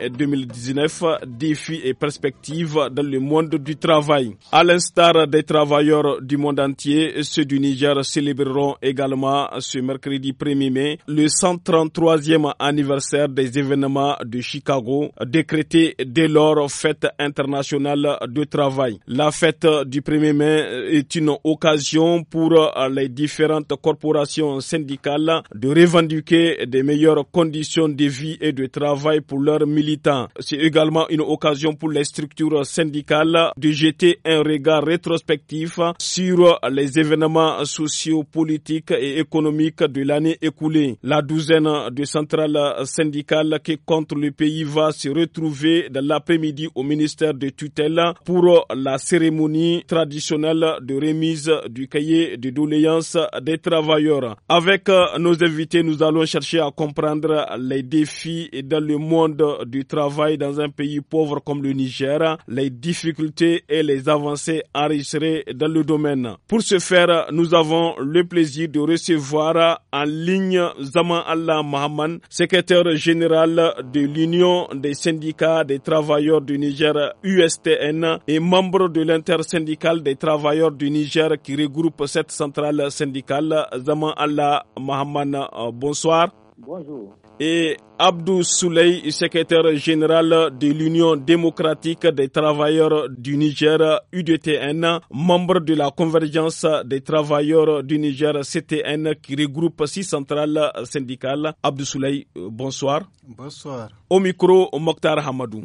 2019, défis et perspectives dans le monde du travail. À l'instar des travailleurs du monde entier, ceux du Niger célébreront également ce mercredi 1er mai le 133e anniversaire des événements de Chicago, décrété dès lors fête internationale de travail. La fête du 1er mai est une occasion pour les différentes corporations syndicales de revendiquer des meilleures conditions de vie et de travail pour leurs militants. C'est également une occasion pour les structures syndicales de jeter un regard rétrospectif sur les événements sociaux, politiques et économiques de l'année écoulée. La douzaine de centrales syndicales qui compte le pays va se retrouver dans l'après-midi au ministère de tutelle pour la cérémonie traditionnelle de remise du cahier de doléances des travailleurs. Avec nos invités, nous allons chercher à comprendre les défis dans le monde du travail dans un pays pauvre comme le Niger, les difficultés et les avancées enregistrées dans le domaine. Pour ce faire, nous avons le plaisir de recevoir en ligne Zaman Allah Mahaman, secrétaire général de l'Union des syndicats des travailleurs du Niger USTN et membre de l'intersyndicale des travailleurs du Niger qui regroupe cette centrale syndicale. Zaman Allah Mahaman, bonsoir. Bonjour et Abdou Souley, secrétaire général de l'Union démocratique des travailleurs du Niger, UDTN, membre de la convergence des travailleurs du Niger, CTN, qui regroupe six centrales syndicales. Abdou Souley, euh, bonsoir. Bonsoir. Au micro, Mokhtar Hamadou.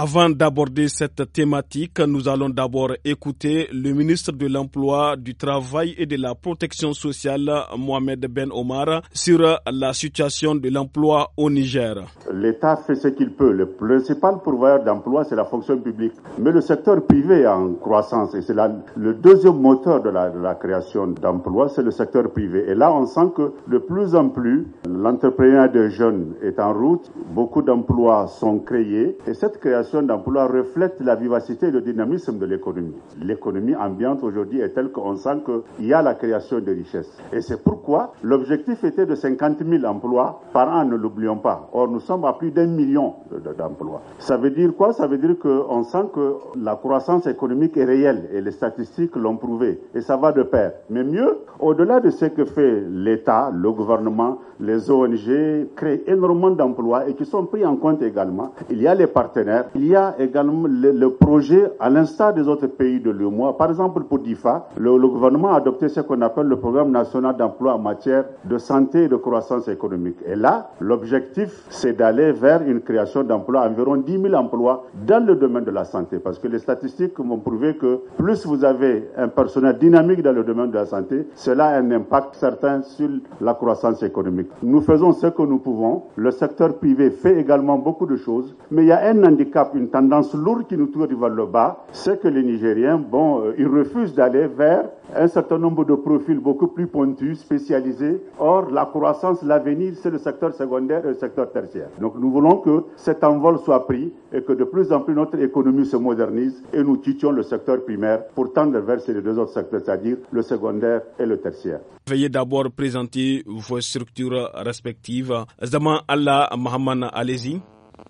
Avant d'aborder cette thématique, nous allons d'abord écouter le ministre de l'Emploi, du Travail et de la Protection sociale, Mohamed Ben Omar, sur la situation de l'emploi au Niger. L'État fait ce qu'il peut. Le principal pourvoyeur d'emploi, c'est la fonction publique. Mais le secteur privé est en croissance et c'est le deuxième moteur de la, création d'emplois, c'est le secteur privé. Et là, on sent que de plus en plus, l'entrepreneuriat des jeunes est en route. Beaucoup d'emplois sont créés et cette création d'emplois reflète la vivacité et le dynamisme de l'économie. L'économie ambiante aujourd'hui est telle qu'on sent qu'il y a la création de richesses. Et c'est pourquoi l'objectif était de 50 000 emplois par an, ne l'oublions pas. Or, nous sommes à plus d'un million d'emplois. Ça veut dire quoi Ça veut dire qu'on sent que la croissance économique est réelle et les statistiques l'ont prouvé. Et ça va de pair. Mais mieux, au-delà de ce que fait l'État, le gouvernement, les ONG, créent énormément d'emplois et qui sont pris en compte également. Il y a les partenaires, il y a également le, projet, à l'instar des autres pays de l'UMOA. Par exemple, pour DIFA, le, gouvernement a adopté ce qu'on appelle le programme national d'emploi en matière de santé et de croissance économique. Et là, l'objectif, c'est d'aller vers une création d'emplois, environ 10 000 emplois dans le domaine de la santé. Parce que les statistiques m'ont prouvé que plus vous avez un personnel dynamique dans le domaine de la santé, cela a un impact certain sur la croissance économique. Nous faisons ce que nous pouvons. Le secteur privé fait également beaucoup de choses, mais il y a un handicap une tendance lourde qui nous tourne vers le bas, c'est que les Nigériens, bon, euh, ils refusent d'aller vers un certain nombre de profils beaucoup plus pointus, spécialisés. Or, la croissance, l'avenir, c'est le secteur secondaire et le secteur tertiaire. Donc, nous voulons que cet envol soit pris et que de plus en plus notre économie se modernise et nous quittions le secteur primaire pour tendre vers les deux autres secteurs, c'est-à-dire le secondaire et le tertiaire. Veuillez d'abord présenter vos structures respectives. Zaman Allah Mohamed, allez-y.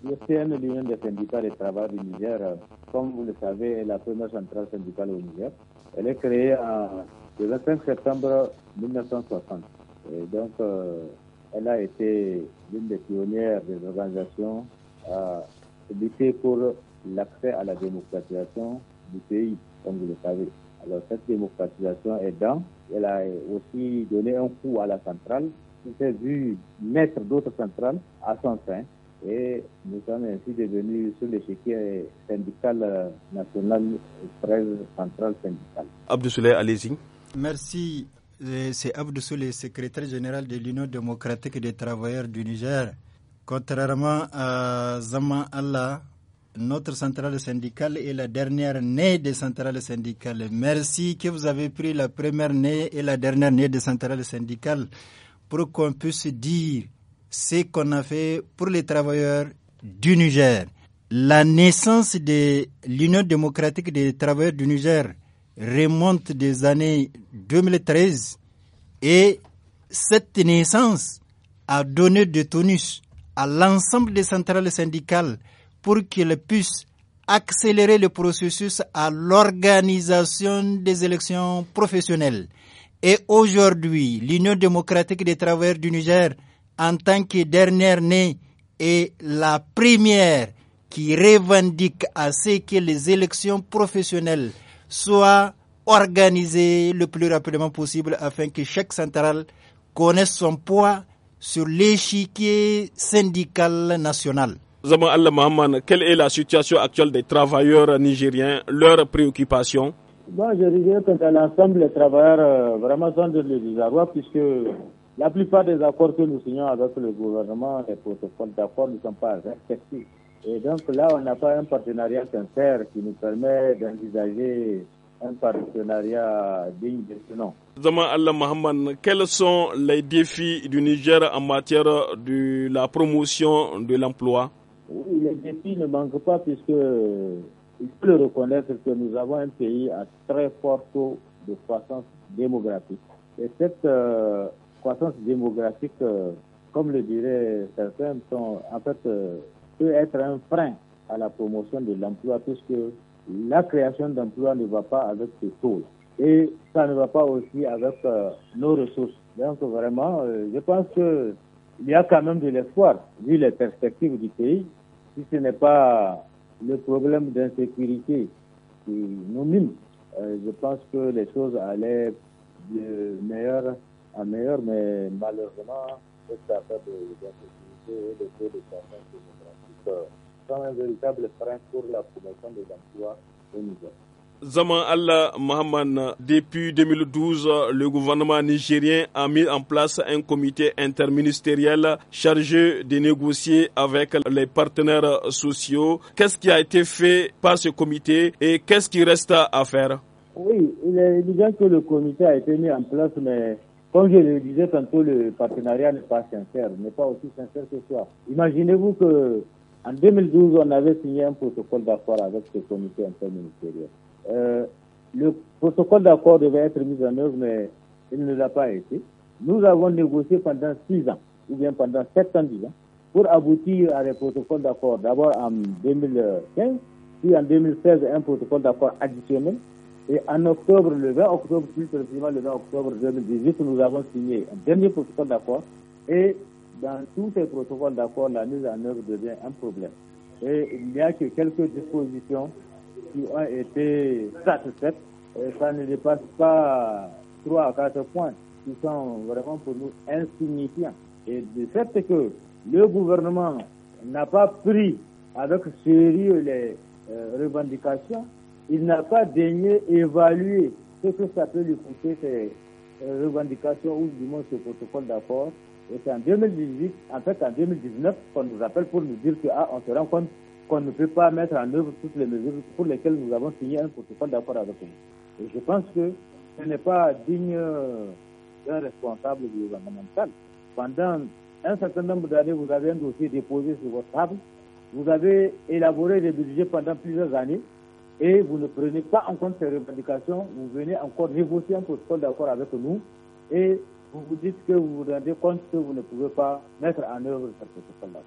Le CN, l'Union des syndicats des travailleurs du Niger, comme vous le savez, est la première centrale syndicale au Niger. Elle est créée le 25 septembre 1960. Et donc, euh, elle a été l'une des pionnières des organisations à euh, lutter pour l'accès à la démocratisation du pays, comme vous le savez. Alors, cette démocratisation est dans. elle a aussi donné un coup à la centrale, qui s'est vue mettre d'autres centrales à son sein et nous sommes ainsi devenus sur l'échiquier syndical euh, national 13 central syndicales Abdou allez-y. Merci. Euh, c'est Abdou secrétaire général de l'Union démocratique des travailleurs du Niger. Contrairement à Zaman Allah, notre centrale syndicale est la dernière née des centrales syndicales. Merci que vous avez pris la première née et la dernière née des centrales syndicales pour qu'on puisse dire ce qu'on a fait pour les travailleurs du Niger. La naissance de l'Union démocratique des travailleurs du Niger remonte des années 2013 et cette naissance a donné de tonus à l'ensemble des centrales syndicales pour qu'elles puissent accélérer le processus à l'organisation des élections professionnelles. Et aujourd'hui, l'Union démocratique des travailleurs du Niger en tant que dernière née et la première qui revendique à ce que les élections professionnelles soient organisées le plus rapidement possible afin que chaque centrale connaisse son poids sur l'échiquier syndical national. Zaman Allah Mahaman, quelle est la situation actuelle des travailleurs nigériens, leurs préoccupations Moi, je dirais que l'ensemble, les travailleurs euh, vraiment sont de désarroi puisque la plupart des accords que nous signons avec le gouvernement, les protocoles d'accord ne sont pas respectés. Et donc là, on n'a pas un partenariat sincère qui nous permet d'envisager un partenariat digne de ce Allah quels sont les défis du Niger en matière de la promotion de l'emploi Oui, les défis ne manquent pas puisque il faut le reconnaître que nous avons un pays à très fort taux de croissance démographique. Et cette euh, croissance démographique, euh, comme le diraient certains, sont, en fait, euh, peut être un frein à la promotion de l'emploi puisque la création d'emplois ne va pas avec ce taux Et ça ne va pas aussi avec euh, nos ressources. Donc vraiment, je pense qu'il y a quand même de l'espoir, vu les perspectives du pays, si ce n'est pas le problème d'insécurité qui nous mine. je pense que les choses allaient de meilleure en meilleur, mais malheureusement, de le euh, la promotion au Niger. Zaman Allah depuis 2012, le gouvernement nigérien a mis en place un comité interministériel chargé de négocier avec les partenaires sociaux. Qu'est-ce qui a été fait par ce comité et qu'est-ce qui reste à faire Oui, il est évident que le comité a été mis en place, mais comme je le disais tantôt, le partenariat n'est pas sincère, n'est pas aussi sincère que soi. Imaginez-vous que en 2012, on avait signé un protocole d'accord avec ce comité interministériel. Euh, le protocole d'accord devait être mis en œuvre, mais il ne l'a pas été. Nous avons négocié pendant six ans, ou bien pendant sept ans, pour aboutir à un protocole d'accord. D'abord en 2015, puis en 2016, un protocole d'accord additionnel et en octobre, le 20 octobre, plus précisément le 20 octobre 2018, nous avons signé un dernier protocole d'accord. Et dans tous ces protocoles d'accord, la mise en œuvre devient un problème. Et il n'y a que quelques dispositions qui ont été satisfaites. Et ça ne dépasse pas trois à quatre points qui sont vraiment pour nous insignifiants. Et du fait que le gouvernement n'a pas pris avec sérieux les euh, revendications, il n'a pas daigné évaluer ce que ça peut lui coûter ces revendications ou du moins ce protocole d'accord. Et c'est en 2018, en fait en 2019, qu'on nous appelle pour nous dire que ah, se rend compte qu'on ne peut pas mettre en œuvre toutes les mesures pour lesquelles nous avons signé un protocole d'accord avec nous. Et je pense que ce n'est pas digne euh, d'un responsable du gouvernemental. Pendant un certain nombre d'années, vous avez un dossier déposé sur votre table, vous avez élaboré les budgets pendant plusieurs années, et vous ne prenez pas en compte ces revendications, vous venez encore négocier un protocole d'accord avec nous et vous vous dites que vous vous rendez compte que vous ne pouvez pas mettre en œuvre cette protocole-là.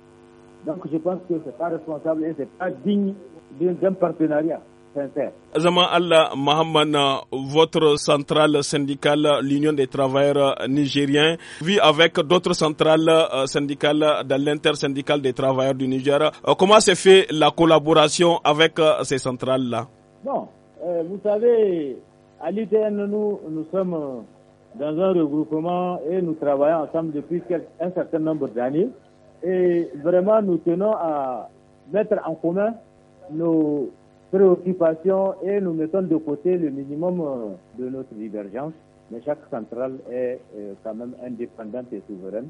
Donc je pense que ce n'est pas responsable et ce n'est pas digne d'un partenariat sincère. Al Allah Mahamana, euh, votre centrale syndicale, l'Union des travailleurs euh, nigériens, vit avec d'autres centrales euh, syndicales dans l'intersyndicale des travailleurs du Niger. Comment s'est fait la collaboration avec ces centrales-là Bon, vous savez, à l'ITN, nous, nous sommes dans un regroupement et nous travaillons ensemble depuis un certain nombre d'années. Et vraiment, nous tenons à mettre en commun nos préoccupations et nous mettons de côté le minimum euh, de notre divergence. Mais chaque centrale est euh, quand même indépendante et souveraine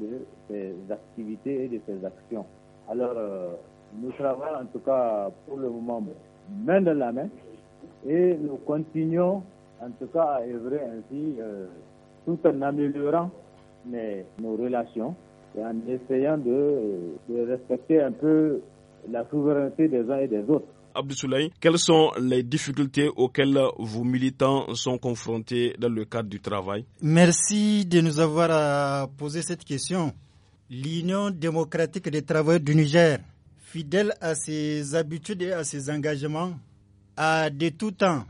de ses activités et de ses actions. Alors, euh, nous travaillons en tout cas pour le moment main dans la main et nous continuons en tout cas à œuvrer ainsi tout en améliorant nos relations et en essayant de respecter un peu la souveraineté des uns et des autres. Abdoulaye, quelles sont les difficultés auxquelles vos militants sont confrontés dans le cadre du travail Merci de nous avoir euh, posé cette question. L'Union démocratique des travailleurs du Niger, fidèle à ses habitudes et à ses engagements, a de tout temps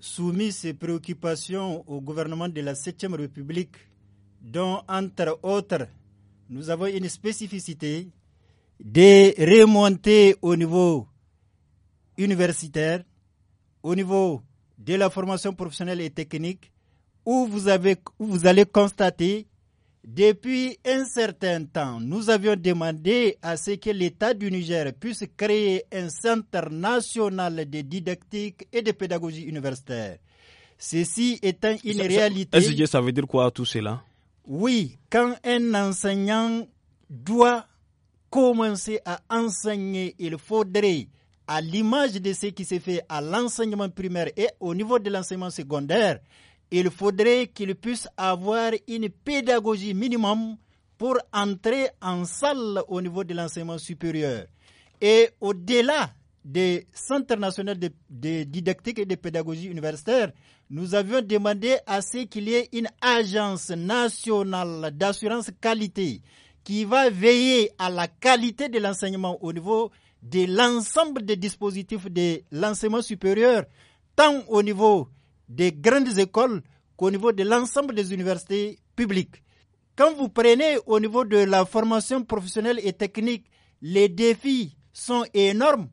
soumis ses préoccupations au gouvernement de la 7 République, dont, entre autres, nous avons une spécificité de remonter au niveau universitaire, au niveau de la formation professionnelle et technique, où vous, avez, vous allez constater, depuis un certain temps, nous avions demandé à ce que l'État du Niger puisse créer un centre national de didactique et de pédagogie universitaire. Ceci étant une réalité. Ça, ça veut dire quoi tout cela Oui, quand un enseignant doit commencer à enseigner, il faudrait à l'image de ce qui se fait à l'enseignement primaire et au niveau de l'enseignement secondaire, il faudrait qu'ils puisse avoir une pédagogie minimum pour entrer en salle au niveau de l'enseignement supérieur. Et au-delà des centres nationaux de, de, didactique et de pédagogie universitaire, nous avions demandé à ce qu'il y ait une agence nationale d'assurance qualité qui va veiller à la qualité de l'enseignement au niveau de l'ensemble des dispositifs de l'enseignement supérieur, tant au niveau des grandes écoles qu'au niveau de l'ensemble des universités publiques. Quand vous prenez au niveau de la formation professionnelle et technique, les défis sont énormes.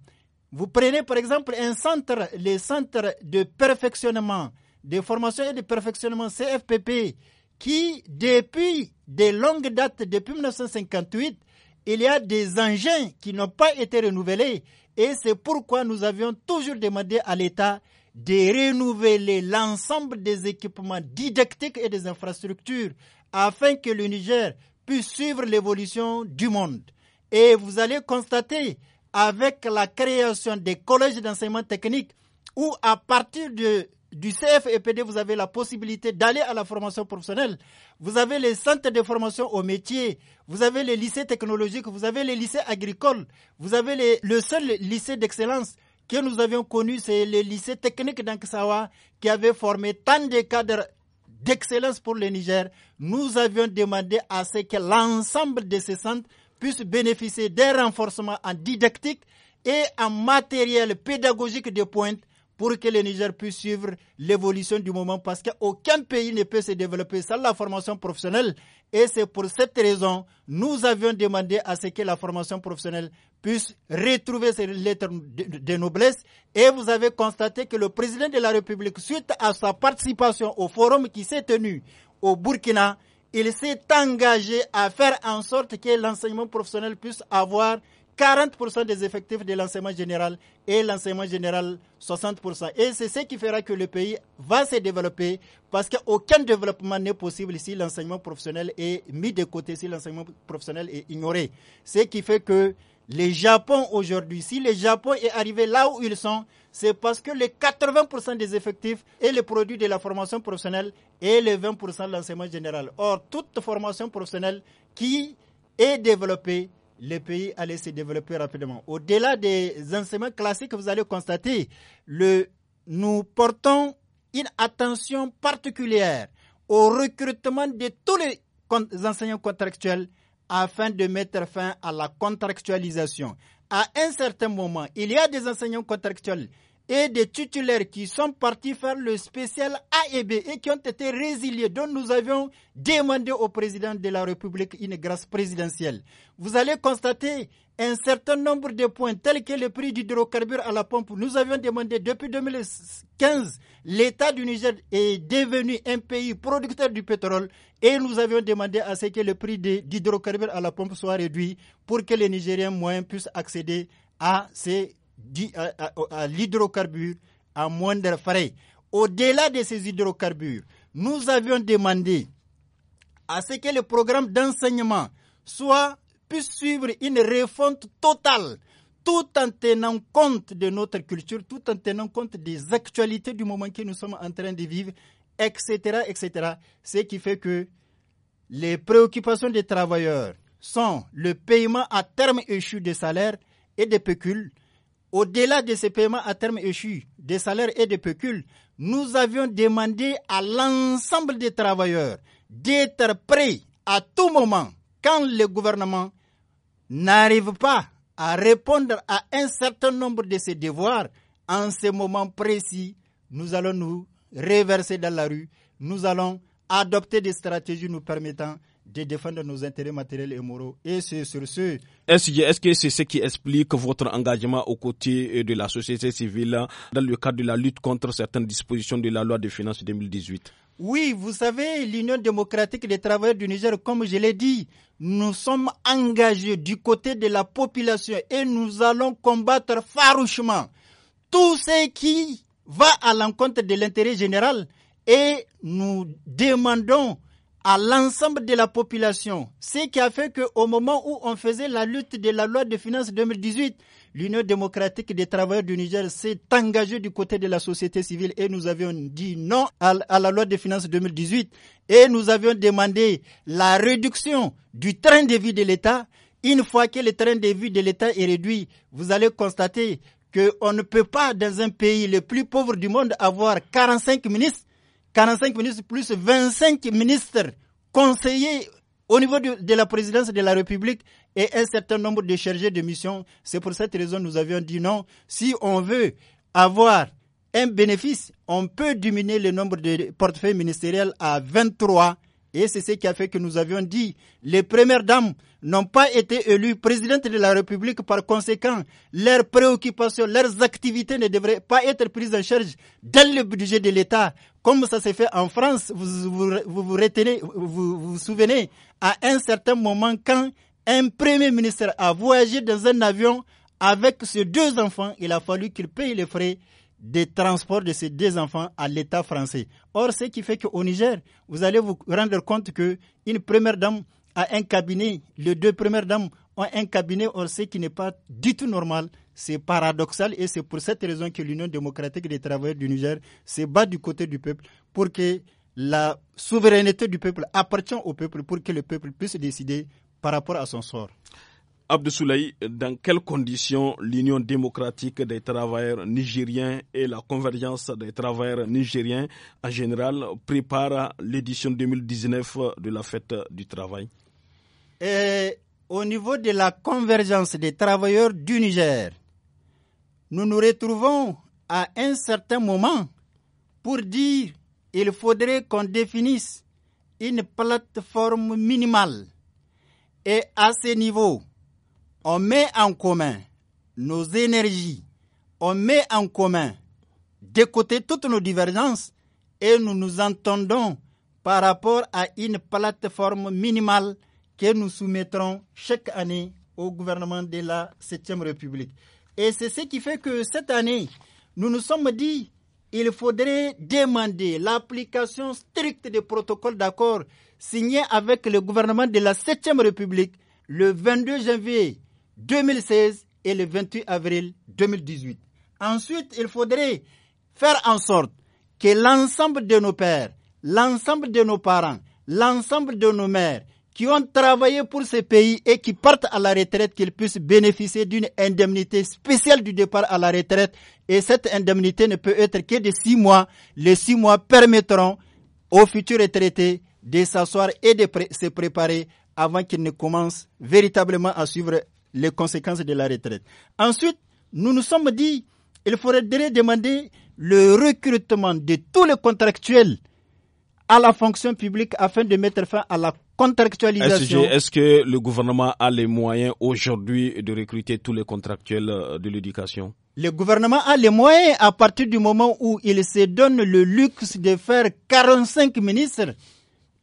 Vous prenez par exemple un centre, les centres de perfectionnement, de formation et de perfectionnement CFPP, qui depuis de longues dates, depuis 1958, il y a des engins qui n'ont pas été renouvelés et c'est pourquoi nous avions toujours demandé à l'État de renouveler l'ensemble des équipements didactiques et des infrastructures afin que le Niger puisse suivre l'évolution du monde. Et vous allez constater avec la création des collèges d'enseignement technique où à partir de du CFEPD, vous avez la possibilité d'aller à la formation professionnelle. Vous avez les centres de formation au métier. Vous avez les lycées technologiques. Vous avez les lycées agricoles. Vous avez le seul lycée d'excellence que nous avions connu, c'est le lycée technique d'Anksawa qui avait formé tant de cadres d'excellence pour le Niger. Nous avions demandé à ce que l'ensemble de ces centres puissent bénéficier d'un renforcement en didactique et en matériel pédagogique de pointe pour que le Niger puisse suivre l'évolution du moment parce qu'aucun pays ne peut se développer sans la formation professionnelle. Et c'est pour cette raison, nous avions demandé à ce que la formation professionnelle puisse retrouver ses lettres de noblesse. Et vous avez constaté que le président de la République, suite à sa participation au forum qui s'est tenu au Burkina, il s'est engagé à faire en sorte que l'enseignement professionnel puisse avoir 40% des effectifs de l'enseignement général et l'enseignement général 60%. Et c'est ce qui fera que le pays va se développer parce qu'aucun développement n'est possible si l'enseignement professionnel est mis de côté, si l'enseignement professionnel est ignoré. Ce qui fait que le Japon aujourd'hui, si le Japon est arrivé là où ils sont, c'est parce que les 80% des effectifs et le produit de la formation professionnelle et les 20% de l'enseignement général. Or, toute formation professionnelle qui est développée les pays allaient se développer rapidement. Au-delà des enseignements classiques, vous allez constater, nous portons une attention particulière au recrutement de tous les enseignants contractuels afin de mettre fin à la contractualisation. À un certain moment, il y a des enseignants contractuels et des titulaires qui sont partis faire le spécial A et B et qui ont été résiliés, dont nous avions demandé au président de la République une grâce présidentielle. Vous allez constater un certain nombre de points, tels que le prix d'hydrocarbures à la pompe. Nous avions demandé depuis 2015, l'État du Niger est devenu un pays producteur du pétrole et nous avions demandé à ce que le prix d'hydrocarbures à la pompe soit réduit pour que les Nigériens moyens puissent accéder à ces à, l'hydrocarbure à moindre frais. Au-delà de ces hydrocarbures, nous avions demandé à ce que le programme d'enseignement soit puisse suivre une refonte totale, tout en tenant compte de notre culture, tout en tenant compte des actualités du moment que nous sommes en train de vivre, etc., etc. Ce qui fait que les préoccupations des travailleurs sont le paiement à terme échu des salaires et des pécules, au-delà de ces paiements à terme échus, des salaires et des pécules, nous avions demandé à l'ensemble des travailleurs d'être prêts à tout moment quand le gouvernement n'arrive pas à répondre à un certain nombre de ses devoirs. En ce moment précis, nous allons nous reverser dans la rue, nous allons adopter des stratégies nous permettant de défendre nos intérêts matériels et moraux. Et c'est sur ce. Est-ce est -ce que c'est ce qui explique votre engagement aux côtés euh, de la société civile dans le cadre de la lutte contre certaines dispositions de la loi de finances 2018 Oui, vous savez, l'Union démocratique des travailleurs du Niger, comme je l'ai dit, nous sommes engagés du côté de la population et nous allons combattre farouchement tout ce qui va à l'encontre de l'intérêt général et nous demandons à l'ensemble de la population. Ce qui a fait qu'au moment où on faisait la lutte de la loi de finances 2018, l'Union démocratique des travailleurs du Niger s'est engagée du côté de la société civile et nous avions dit non à, la loi de finances 2018 et nous avions demandé la réduction du train de vie de l'État. Une fois que le train de vie de l'État est réduit, vous allez constater qu'on ne peut pas, dans un pays le plus pauvre du monde, avoir 45 ministres 45 ministres plus 25 ministres conseiller au niveau de, la présidence de la République et un certain nombre de chargés de mission. C'est pour cette raison que nous avions dit non. Si on veut avoir un bénéfice, on peut diminuer le nombre de portefeuilles ministériels à 23 et c'est ce qui a fait que nous avions dit, les premières dames n'ont pas été élues présidentes de la République. Par conséquent, leurs préoccupations, leurs activités ne devraient pas être prises en charge dans le budget de l'État. Comme ça s'est fait en France, vous vous, vous, vous, retenez, vous, vous souvenez, à un certain moment, quand un premier ministre a voyagé dans un avion avec ses deux enfants, il a fallu qu'il paye les frais des transports de ces deux enfants à l'État français. Or, ce qui fait qu'au Niger, vous allez vous rendre compte qu'une première dame a un cabinet, les deux premières dames ont un cabinet, or ce qui n'est pas du tout normal. C'est paradoxal et c'est pour cette raison que l'Union démocratique des travailleurs du Niger se bat du côté du peuple pour que la souveraineté du peuple appartient au peuple, pour que le peuple puisse décider par rapport à son sort. Abdoulaye, dans quelles conditions l'Union démocratique des travailleurs nigériens et la convergence des travailleurs nigériens en général préparent l'édition 2019 de la fête du travail Au niveau de la convergence des travailleurs du Niger, nous nous retrouvons à un certain moment pour dire il faudrait qu'on définisse une plateforme minimale. Et à ce niveau, on met en commun nos énergies, on met en commun de côté toutes nos divergences et nous nous entendons par rapport à une plateforme minimale que nous soumettrons chaque année au gouvernement de la Septième République. Et c'est ce qui fait que cette année, nous nous sommes dit il faudrait demander l'application stricte des protocoles d'accord signés avec le gouvernement de la Septième République le 22 janvier 2016 et le 28 avril 2018. Ensuite, il faudrait faire en sorte que l'ensemble de nos pères, l'ensemble de nos parents, l'ensemble de nos mères qui ont travaillé pour ce pays et qui partent à la retraite, qu'ils puissent bénéficier d'une indemnité spéciale du départ à la retraite. Et cette indemnité ne peut être que de six mois. Les six mois permettront aux futurs retraités de s'asseoir et de se préparer avant qu'ils ne commencent véritablement à suivre les conséquences de la retraite. Ensuite, nous nous sommes dit, il faudrait demander le recrutement de tous les contractuels à la fonction publique afin de mettre fin à la contractualisation. Est-ce que le gouvernement a les moyens aujourd'hui de recruter tous les contractuels euh, de l'éducation Le gouvernement a les moyens à partir du moment où il se donne le luxe de faire 45 ministres.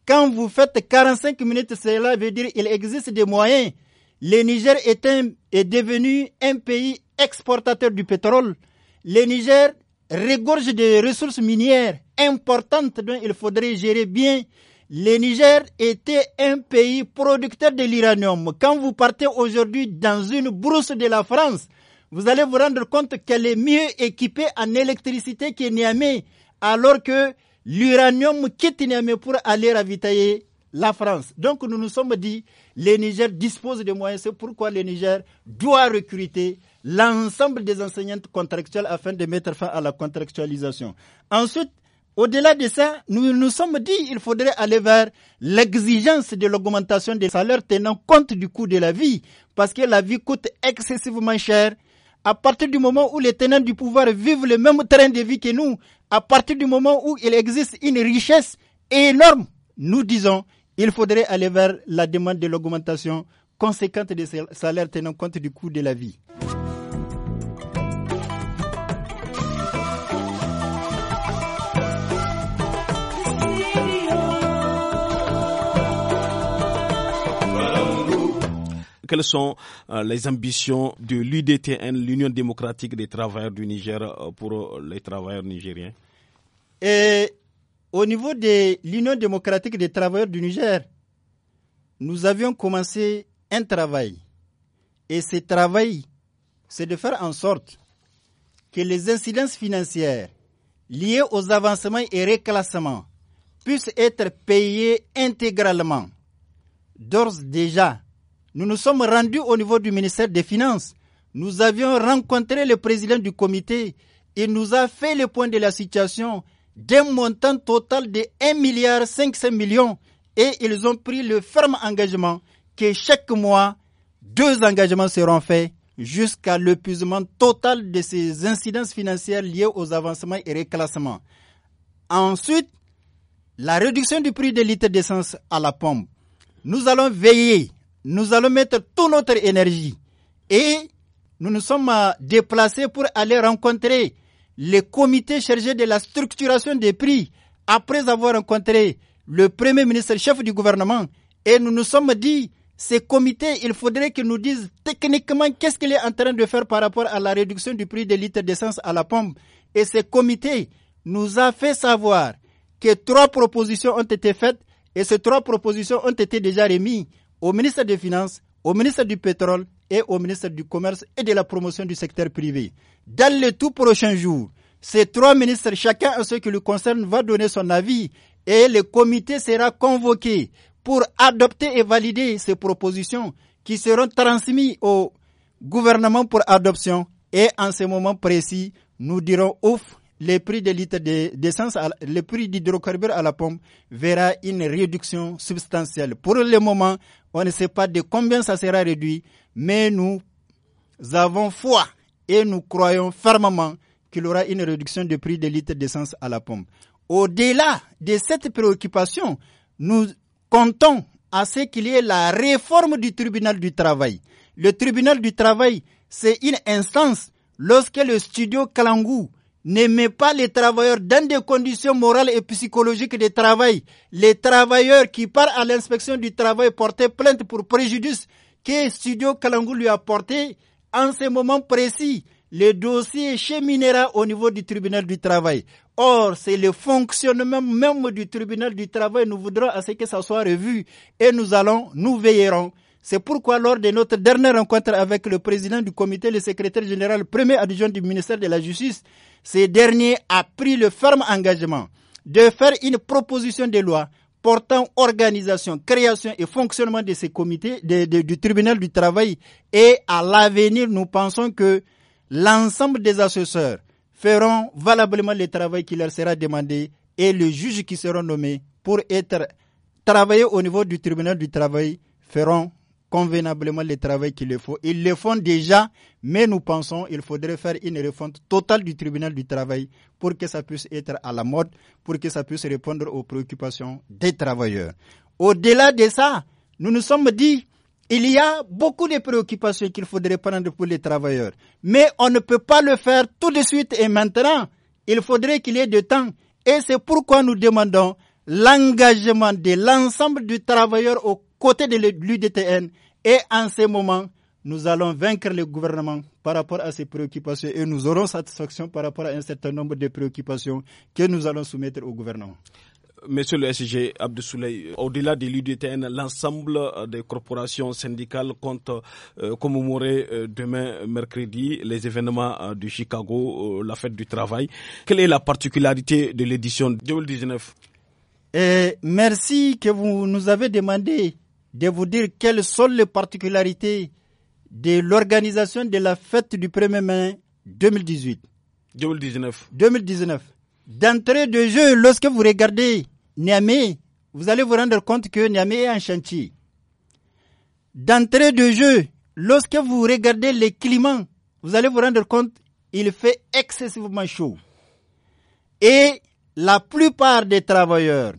Quand vous faites 45 minutes, cela veut dire qu'il existe des moyens le Niger est, un, est devenu un pays exportateur du pétrole. Le Niger regorge de ressources minières importantes dont il faudrait gérer bien. Le Niger était un pays producteur de l'uranium. Quand vous partez aujourd'hui dans une brousse de la France, vous allez vous rendre compte qu'elle est mieux équipée en électricité que Niamey, alors que l'uranium quitte Niamey pour aller ravitailler la France. Donc nous nous sommes dit, les Niger disposent des moyens, c'est pourquoi le Niger doit recruter l'ensemble des enseignantes contractuelles afin de mettre fin à la contractualisation. Ensuite, au-delà de ça, nous nous sommes dit il faudrait aller vers l'exigence de l'augmentation des salaires tenant compte du coût de la vie, parce que la vie coûte excessivement cher. À partir du moment où les tenants du pouvoir vivent le même train de vie que nous, à partir du moment où il existe une richesse énorme, nous disons il faudrait aller vers la demande de l'augmentation conséquente des salaires tenant compte du coût de la vie. quelles sont euh, les ambitions de l'UDTN, l'Union démocratique des travailleurs du Niger, euh, pour euh, les travailleurs nigériens au niveau de l'Union démocratique des travailleurs du Niger, nous avions commencé un travail. Et ce travail, c'est de faire en sorte que les incidences financières liées aux avancements et reclassements puissent être payées intégralement. D'ores déjà, nous nous sommes rendus au niveau du ministère des Finances. Nous avions rencontré le président du comité. et nous a fait le point de la situation d'un montant total de 1,5 milliard millions et ils ont pris le ferme engagement que chaque mois, deux engagements seront faits jusqu'à l'épuisement total de ces incidences financières liées aux avancements et reclassements. Ensuite, la réduction du prix des litres d'essence à la pompe. Nous allons veiller, nous allons mettre toute notre énergie et nous nous sommes euh, déplacés pour aller rencontrer le comité chargé de la structuration des prix, après avoir rencontré le Premier ministre chef du gouvernement, et nous nous sommes dit, ce comité, il faudrait qu'ils nous dise techniquement qu'est-ce qu'il est en train de faire par rapport à la réduction du prix des litres d'essence à la pompe. Et ce comité nous a fait savoir que trois propositions ont été faites et ces trois propositions ont été déjà remises au ministre des Finances, au ministre du Pétrole et au ministre du Commerce et de la promotion du secteur privé. Dans les tout prochains jours, ces trois ministres, chacun en ce qui le concerne, va donner son avis et le comité sera convoqué pour adopter et valider ces propositions qui seront transmises au gouvernement pour adoption. Et en ce moment précis, nous dirons ouf les prix des litres d'essence, le prix d'hydrocarbures à la pompe verra une réduction substantielle. Pour le moment, on ne sait pas de combien ça sera réduit, mais nous avons foi et nous croyons fermement qu'il y aura une réduction du prix des litres d'essence à la pompe. Au-delà de cette préoccupation, nous comptons à ce qu'il y ait la réforme du tribunal du travail. Le tribunal du travail, c'est une instance lorsque le studio Kalangou n'aimait pas les travailleurs dans des conditions morales et psychologiques de travail. Les travailleurs qui partent à l'inspection du travail portaient plainte pour préjudice que Studio Kalangou lui a porté en ce moment précis. Le dossier cheminera au niveau du tribunal du travail. Or, c'est le fonctionnement même du tribunal du travail. Nous voudrons à ce que ça soit revu et nous allons, nous veillerons. C'est pourquoi lors de notre dernière rencontre avec le président du comité, le secrétaire général premier adjoint du ministère de la Justice, ce dernier a pris le ferme engagement de faire une proposition de loi portant organisation, création et fonctionnement de ces comités du tribunal du travail. Et à l'avenir, nous pensons que l'ensemble des assesseurs feront valablement le travail qui leur sera demandé et le juge qui seront nommés pour être travaillé au niveau du tribunal du travail feront convenablement le travail qu'il faut. Ils le font déjà, mais nous pensons qu'il faudrait faire une refonte totale du tribunal du travail pour que ça puisse être à la mode, pour que ça puisse répondre aux préoccupations des travailleurs. Au-delà de ça, nous nous sommes dit, il y a beaucoup de préoccupations qu'il faudrait prendre pour les travailleurs, mais on ne peut pas le faire tout de suite et maintenant. Il faudrait qu'il y ait du temps. Et c'est pourquoi nous demandons l'engagement de l'ensemble du travailleur au côté de l'UDTN. Et en ce moment, nous allons vaincre le gouvernement par rapport à ses préoccupations et nous aurons satisfaction par rapport à un certain nombre de préoccupations que nous allons soumettre au gouvernement. Monsieur le SG Abdou au-delà de l'UDTN, l'ensemble euh, des corporations syndicales comptent euh, commémorer euh, demain, mercredi, les événements de Chicago, la fête du travail. Quelle est la particularité de l'édition 2019 Merci que vous nous avez demandé de vous dire quelles sont les particularités de l'organisation de la fête du 1er mai 2018. 2019. 2019. D'entrée de jeu, lorsque vous regardez Niamey, vous allez vous rendre compte que Niamey est un chantier. D'entrée de jeu, lorsque vous regardez les climats, vous allez vous rendre compte qu'il fait excessivement chaud. Et la plupart des travailleurs,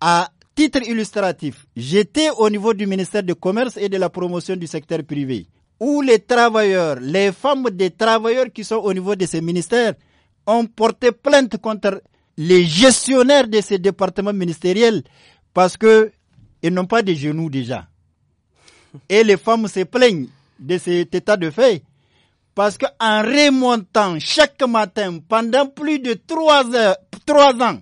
à Titre illustratif, j'étais au niveau du ministère du Commerce et de la promotion du secteur privé, où les travailleurs, les femmes des travailleurs qui sont au niveau de ces ministères, ont porté plainte contre les gestionnaires de ces départements ministériels parce que ils n'ont pas de genoux déjà. Et les femmes se plaignent de cet état de fait parce qu'en remontant chaque matin pendant plus de heures, trois ans,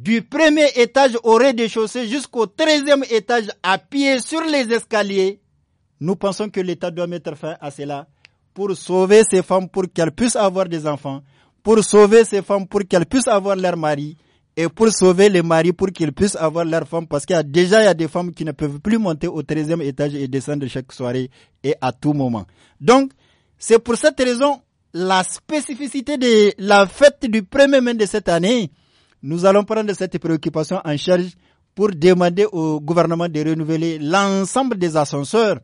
du premier étage au rez-de-chaussée jusqu'au treizième étage à pied sur les escaliers. Nous pensons que l'État doit mettre fin à cela pour sauver ces femmes, pour qu'elles puissent avoir des enfants, pour sauver ces femmes, pour qu'elles puissent avoir leur mari, et pour sauver les maris, pour qu'ils puissent avoir leur femme, parce qu'il y a déjà il des femmes qui ne peuvent plus monter au treizième étage et descendre chaque soirée et à tout moment. Donc, c'est pour cette raison la spécificité de la fête du 1er mai de cette année, nous allons prendre cette préoccupation en charge pour demander au gouvernement de renouveler l'ensemble des ascenseurs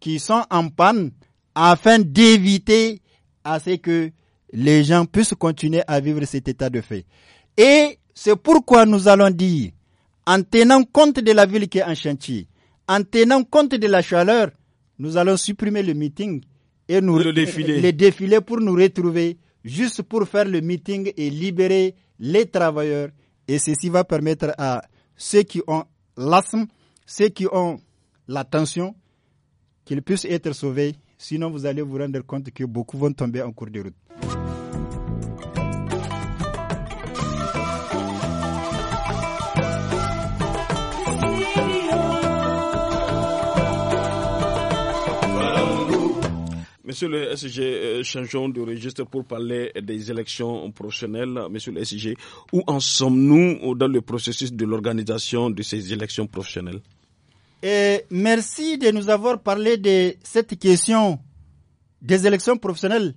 qui sont en panne afin d'éviter à ce que les gens puissent continuer à vivre cet état de fait. Et c'est pourquoi nous allons dire, en tenant compte de la ville qui est en chantier, en tenant compte de la chaleur, nous allons supprimer le meeting et nous le défiler les pour nous retrouver juste pour faire le meeting et libérer les travailleurs et ceci va permettre à ceux qui ont l'asthme, ceux qui ont la tension, qu'ils puissent être sauvés. Sinon, vous allez vous rendre compte que beaucoup vont tomber en cours de route. Monsieur le SG, euh, changeons de registre pour parler des élections professionnelles. Monsieur le SG, où en sommes-nous dans le processus de l'organisation de ces élections professionnelles Et eh, Merci de nous avoir parlé de cette question des élections professionnelles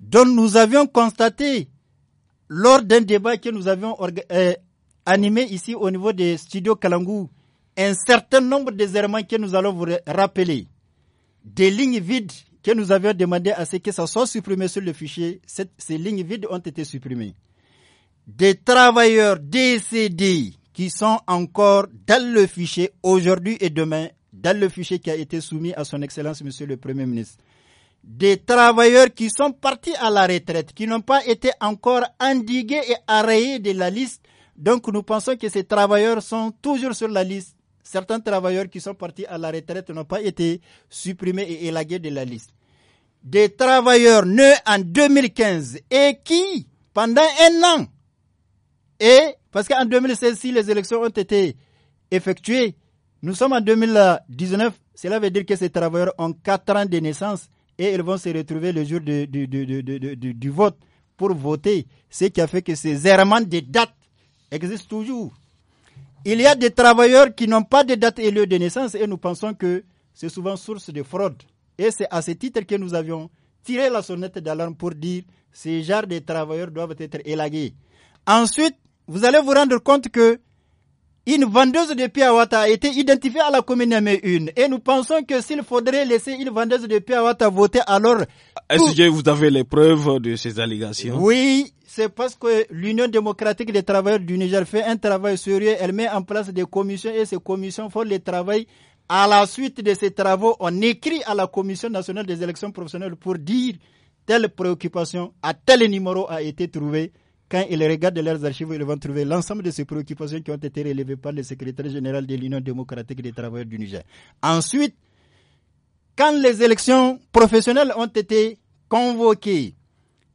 dont nous avions constaté lors d'un débat que nous avions euh, animé ici au niveau des studios Kalangou un certain nombre d'éléments que nous allons vous rappeler. Des lignes vides que nous avions demandé à ce que ça soit supprimé sur le fichier, ces lignes vides ont été supprimées. Des travailleurs décédés qui sont encore dans le fichier aujourd'hui et demain, dans le fichier qui a été soumis à son Excellence Monsieur le Premier ministre. Des travailleurs qui sont partis à la retraite, qui n'ont pas été encore endigués et arrayés de la liste. Donc nous pensons que ces travailleurs sont toujours sur la liste certains travailleurs qui sont partis à la retraite n'ont pas été supprimés et élagués de la liste. Des travailleurs nés en 2015 et qui, pendant un an, et parce qu'en 2016, si les élections ont été effectuées, nous sommes en 2019, cela veut dire que ces travailleurs ont 4 ans de naissance et ils vont se retrouver le jour du, vote pour voter, ce qui a fait que ces errements de date existent toujours. Il y a des travailleurs qui n'ont pas de date et lieu de naissance et nous pensons que c'est souvent source de fraude. Et c'est à ce titre que nous avions tiré la sonnette d'alarme pour dire ces genres de travailleurs doivent être élagués. Ensuite, vous allez vous rendre compte que une vendeuse de Piawata a été identifiée à la commune M1 et nous pensons que s'il faudrait laisser une vendeuse de Piawata voter alors... Est-ce que vous avez les preuves de ces allégations Oui, c'est parce que l'Union démocratique des travailleurs du Niger fait un travail sérieux. Elle met en place des commissions et ces commissions font le travail. À la suite de ces travaux, on écrit à la Commission nationale des élections professionnelles pour dire telle préoccupation à tel numéro a été trouvée. Quand ils regardent leurs archives, ils vont trouver l'ensemble de ces préoccupations qui ont été relevées par le secrétaire général de l'Union démocratique des travailleurs du Niger. Ensuite, quand les élections professionnelles ont été convoquées,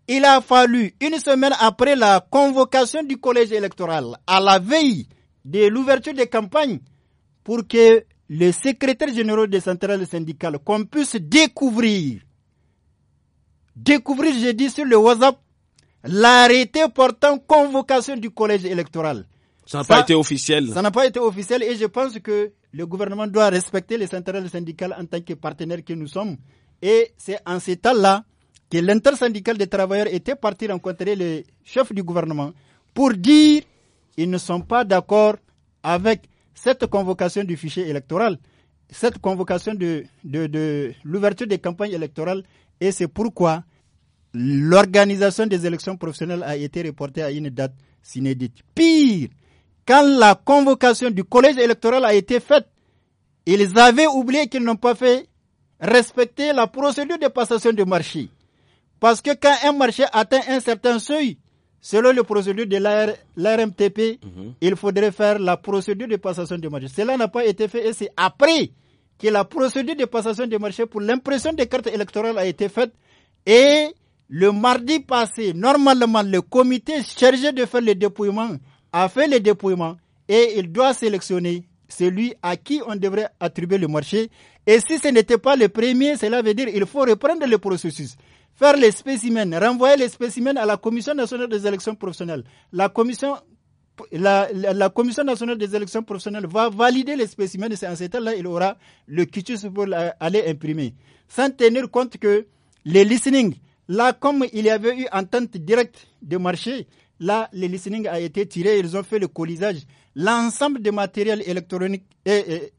il a fallu une semaine après la convocation du collège électoral, à la veille de l'ouverture des campagnes, pour que le secrétaire généraux des centrales syndicales, qu'on puisse découvrir, découvrir, j'ai dit sur le WhatsApp, l'arrêté portant convocation du collège électoral. Ça n'a pas été officiel. Ça n'a pas été officiel et je pense que le gouvernement doit respecter les centrales syndicales en tant que partenaires que nous sommes. Et c'est en ces temps-là que l'intersyndicale des travailleurs était parti rencontrer le chef du gouvernement pour dire ils ne sont pas d'accord avec cette convocation du fichier électoral, cette convocation de, de, l'ouverture des campagnes électorales, et c'est pourquoi l'organisation des élections professionnelles a été reportée à une date sinédite. Pire, quand la convocation du collège électoral a été faite, ils avaient oublié qu'ils n'ont pas fait respecter la procédure de passation de marché. Parce que quand un marché atteint un certain seuil, selon le procédure de l'ARMTP, mhm. il faudrait faire la procédure de passation du marché. Cela n'a pas été fait et c'est après que la procédure de passation du marché pour l'impression des cartes électorales a été faite. Et le mardi passé, normalement, le comité chargé de faire le dépouillement a fait le dépouillement et il doit sélectionner celui à qui on devrait attribuer le marché. Et si ce n'était pas le premier, cela veut dire qu'il faut reprendre le processus faire les spécimens, renvoyer les spécimens à la Commission nationale des élections professionnelles. La Commission la, Commission nationale des élections professionnelles va valider les spécimens en ces temps là il aura le quitus pour aller imprimer. Sans tenir compte que les listening, là, comme il y avait eu entente directe de marché, là, les listening a été tiré, ils ont fait le colisage. L'ensemble des matériels électroniques et,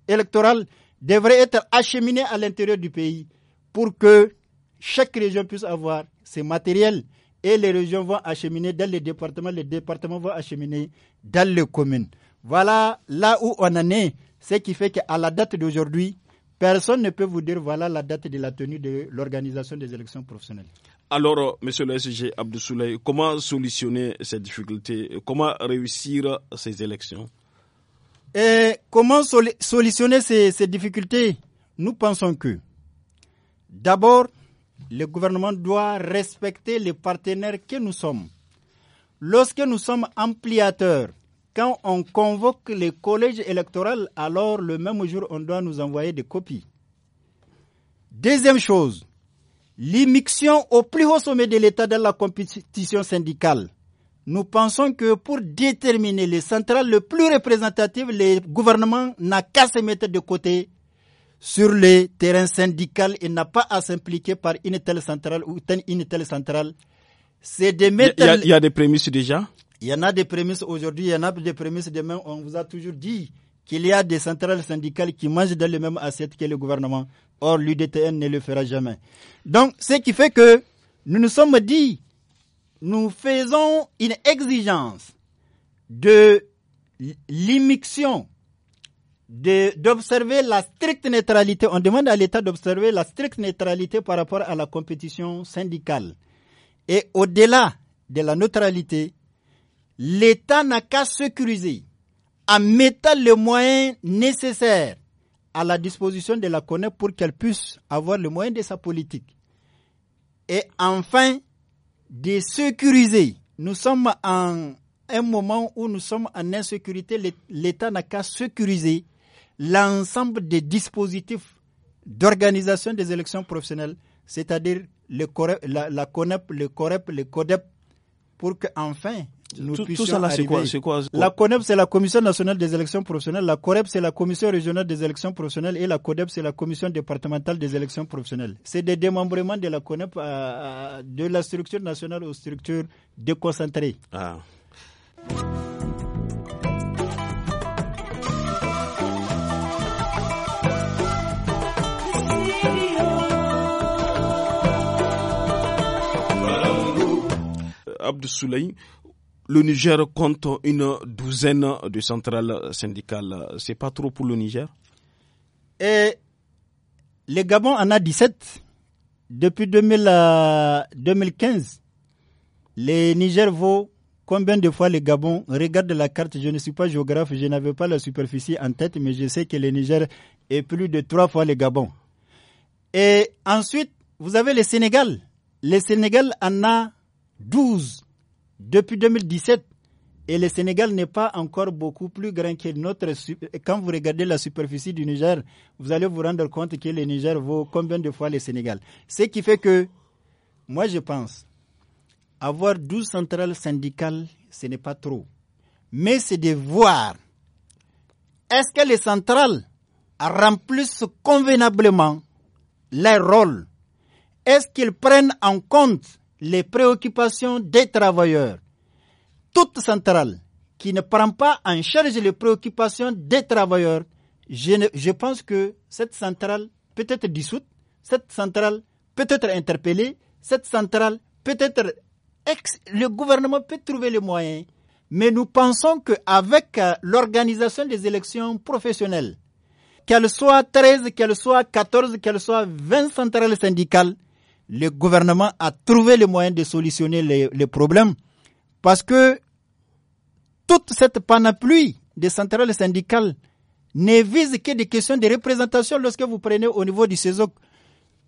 devrait être acheminé à l'intérieur du pays pour que chaque région puisse avoir ses matériels et les régions vont acheminer dans les départements, les départements vont acheminer dans les communes. Voilà là où on en est, ce qui fait qu'à la date d'aujourd'hui, personne ne peut vous dire voilà la date de la tenue de l'organisation des élections professionnelles. Alors, euh, monsieur le SG Abdou comment solutionner ces difficultés Comment réussir ces élections Et Comment solutionner ces difficultés Nous pensons que, d'abord, le gouvernement doit respecter les partenaires que nous sommes. Lorsque nous sommes ampliateurs, quand on convoque les collèges électoraux, alors le même jour, on doit nous envoyer des copies. Deuxième chose, l'immixion au plus haut sommet de l'État dans la compétition syndicale. Nous pensons que pour déterminer les centrales les plus représentatives, le gouvernement n'a qu'à se mettre de côté sur le terrain syndical il n'a pas à s'impliquer par une telle centrale ou une telle centrale, c'est Il y, a, des prémices déjà Il y en a des prémices aujourd'hui, il y en a des prémices demain. On vous a toujours dit qu'il y a des centrales syndicales qui mangent dans le même assiette que le gouvernement. Or, l'UDTN ne le fera jamais. Donc, ce qui fait que nous nous sommes dit, nous faisons une exigence de l'immixion d'observer la stricte neutralité. On demande à l'État d'observer la stricte neutralité par rapport à la compétition syndicale. Et au-delà de la neutralité, l'État n'a qu'à sécuriser en mettant les moyens nécessaires à la disposition de la CONEP pour qu'elle puisse avoir le moyen de sa politique. Et enfin, de sécuriser. Nous sommes en un moment où nous sommes en insécurité, l'État n'a qu'à sécuriser l'ensemble des dispositifs d'organisation des élections professionnelles, c'est-à-dire la, CONEP, le COREP, le CODEP, pour qu'enfin nous puissions tout la CONEP, c'est la Commission nationale des élections professionnelles. La COREP, c'est la Commission régionale des élections professionnelles. Et la CODEP, c'est la Commission départementale des élections professionnelles. C'est des démembrements de la CONEP, euh, euh, de la structure nationale aux structures déconcentrées. Ah. Abdou le Niger compte une douzaine de centrales syndicales. C'est pas trop pour le Niger Et le Gabon en a 17. Depuis 2015, euh, le Niger vaut combien de fois le Gabon Regarde la carte, je ne suis pas géographe, je n'avais pas la superficie en tête, mais je sais que le Niger est plus de trois fois le Gabon. Et ensuite, vous avez le Sénégal. Le Sénégal en a 12 depuis 2017. Et le Sénégal n'est pas encore beaucoup plus grand que notre. Quand vous regardez la superficie du Niger, vous allez vous rendre compte que le Niger vaut combien de fois le Sénégal. Ce qui fait que, moi je pense, avoir 12 centrales syndicales, ce n'est pas trop. Mais c'est de voir, est-ce que les centrales remplissent convenablement leur rôle Est-ce qu'ils prennent en compte les préoccupations des travailleurs. Toute centrale qui ne prend pas en charge les préoccupations des travailleurs, je, je pense que cette centrale peut être dissoute, cette centrale peut être interpellée, cette centrale peut être... Ex le gouvernement peut trouver les moyens, mais nous pensons qu'avec euh, l'organisation des élections professionnelles, qu'elles soient 13, qu'elles soient 14, qu'elles soient 20 centrales syndicales, le gouvernement a trouvé les moyens de solutionner les, problèmes parce que toute cette panoplie des centrales syndicales ne vise que des questions de représentation lorsque vous prenez au niveau du CESOC.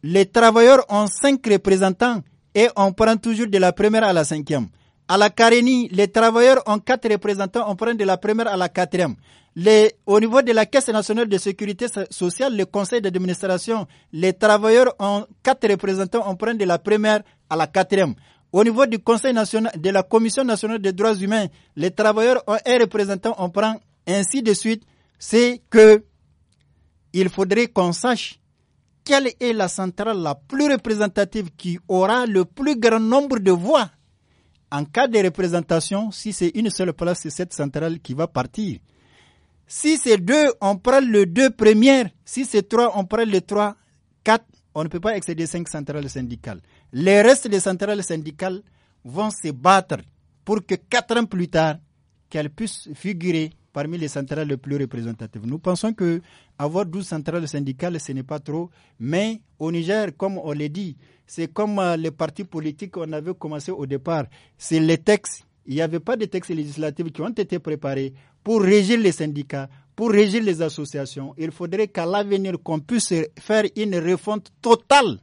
Les travailleurs ont cinq représentants et on prend toujours de la première à la cinquième. À la Carénie, les travailleurs ont quatre représentants, on prend de la première à la quatrième. Les, au niveau de la Caisse nationale de sécurité sociale, le conseil d'administration, les travailleurs ont quatre représentants, on prend de la première à la quatrième. Au niveau du Conseil national, de la Commission nationale des droits humains, les travailleurs ont un représentant, on prend ainsi de suite. C'est que il faudrait qu'on sache quelle est la centrale la plus représentative qui aura le plus grand nombre de voix en cas de représentation, si c'est une seule place, c'est cette centrale qui va partir. Si c'est deux, on prend le deux premières. Si c'est trois, on prend les trois, quatre. On ne peut pas excéder cinq centrales syndicales. Les restes des centrales syndicales vont se battre pour que quatre ans plus tard, qu'elles puissent figurer parmi les centrales les plus représentatives. Nous pensons que avoir centrales syndicales, ce n'est pas trop, mais au Niger, comme on l'a dit, c'est comme euh, les partis politiques, on avait commencé au départ. C'est les textes. Il n'y avait pas de textes législatifs qui ont été préparés pour régir les syndicats, pour régir les associations. Il faudrait qu'à l'avenir, qu'on puisse faire une refonte totale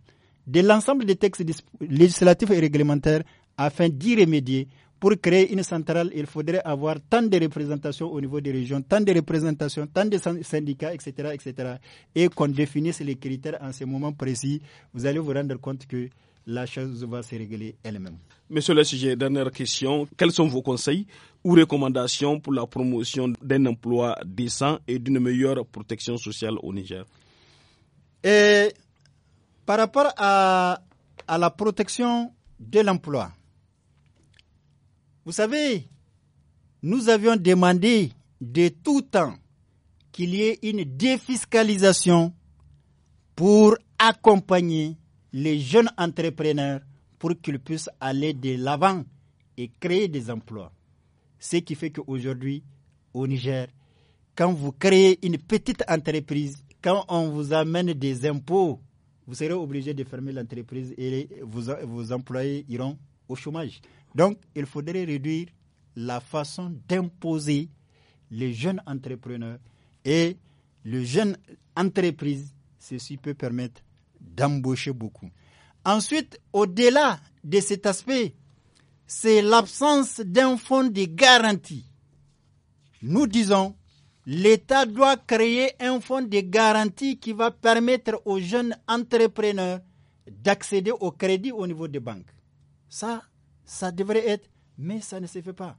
de l'ensemble des textes législatifs et réglementaires afin d'y remédier pour créer une centrale, il faudrait avoir tant de représentations au niveau des régions, tant de représentations, tant de syndicats, etc., etc. Et qu'on définisse les critères en ce moment précis. Vous allez vous rendre compte que la chose va se régler elle-même. Monsieur le sujet, dernière question. Quels sont vos conseils ou recommandations pour la promotion d'un emploi décent et d'une meilleure protection sociale au Niger Par rapport à la protection de l'emploi, vous savez, nous avions demandé de tout temps qu'il y ait une défiscalisation pour accompagner les jeunes entrepreneurs pour qu'ils puissent aller de l'avant et créer des emplois. Ce qui fait qu'aujourd'hui, au Niger, quand vous créez une petite entreprise, quand on vous amène des impôts, vous serez obligé de fermer l'entreprise et vos, vos employés iront au chômage. Donc, il faudrait réduire la façon d'imposer les jeunes entrepreneurs et les jeunes entreprises. Ceci peut permettre d'embaucher beaucoup. Ensuite, au-delà de cet aspect, c'est l'absence d'un fonds de garantie. Nous disons, l'État doit créer un fonds de garantie qui va permettre aux jeunes entrepreneurs d'accéder au crédit au niveau des banques. Ça, ça devrait être, mais ça ne se fait pas.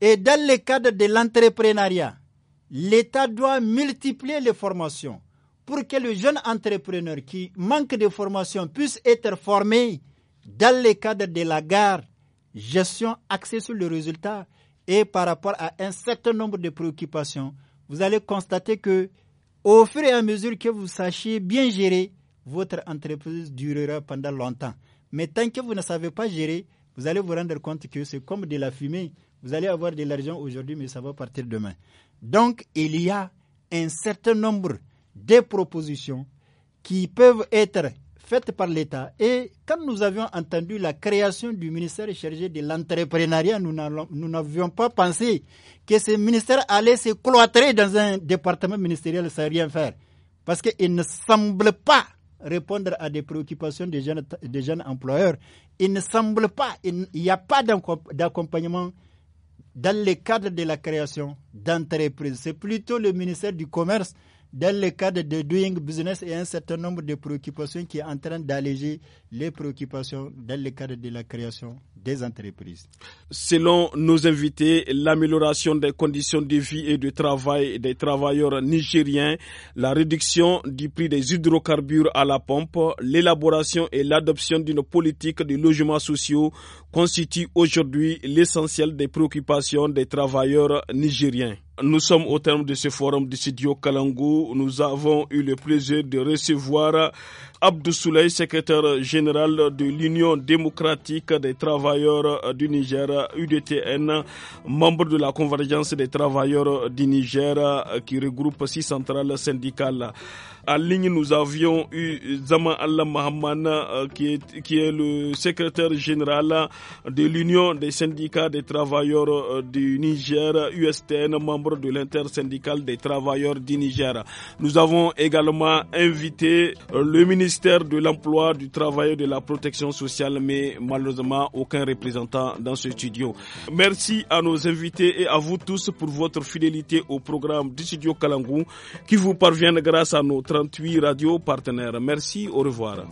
Et dans le cadre de l'entrepreneuriat, l'État doit multiplier les formations pour que le jeune entrepreneur qui manque de formation puisse être formé dans le cadre de la gare, gestion axée sur le résultat et par rapport à un certain nombre de préoccupations. Vous allez constater que au fur et à mesure que vous sachiez bien gérer, votre entreprise durera pendant longtemps. Mais tant que vous ne savez pas gérer, vous allez vous rendre compte que c'est comme de la fumée. Vous allez avoir de l'argent aujourd'hui, mais ça va partir demain. Donc, il y a un certain nombre de propositions qui peuvent être faites par l'État. Et quand nous avions entendu la création du ministère chargé de l'entrepreneuriat, nous n'avions pas pensé que ce ministère allait se cloîtrer dans un département ministériel sans rien faire. Parce qu'il ne semble pas répondre à des préoccupations des jeunes, employeurs. Il ne semble pas, il n'y a pas d'accompagnement dans le cadre de la création d'entreprises. C'est plutôt le ministère du Commerce dans le cadre de doing business et un certain nombre de préoccupations qui est en train d'alléger les préoccupations dans le cadre de la création des entreprises. Selon nos invités, l'amélioration des conditions de vie et de travail des travailleurs nigériens, la réduction du prix des hydrocarbures à la pompe, l'élaboration et l'adoption d'une politique de logements sociaux constitue aujourd'hui l'essentiel des préoccupations des travailleurs nigériens. Nous sommes au terme de ce forum du Studio Kalangou. Nous avons eu le plaisir de recevoir Abdou Souley, secrétaire général de l'Union démocratique des travailleurs du Niger, UDTN, membre de la Convergence des travailleurs du Niger qui regroupe six centrales syndicales. En ligne, nous avions eu Zama Allah Mahamana, euh, qui est, le secrétaire général de l'Union des syndicats des travailleurs euh, du Niger, USTN, membre de l'intersyndicale des travailleurs du Niger. Nous avons également invité euh, le ministère de l'Emploi, du Travail et de la Protection sociale, mais malheureusement, aucun représentant dans ce studio. Merci à nos invités et à vous tous pour votre fidélité au programme du studio Kalangou qui vous parvient grâce à notre 38 radios partenaires. Merci, au revoir.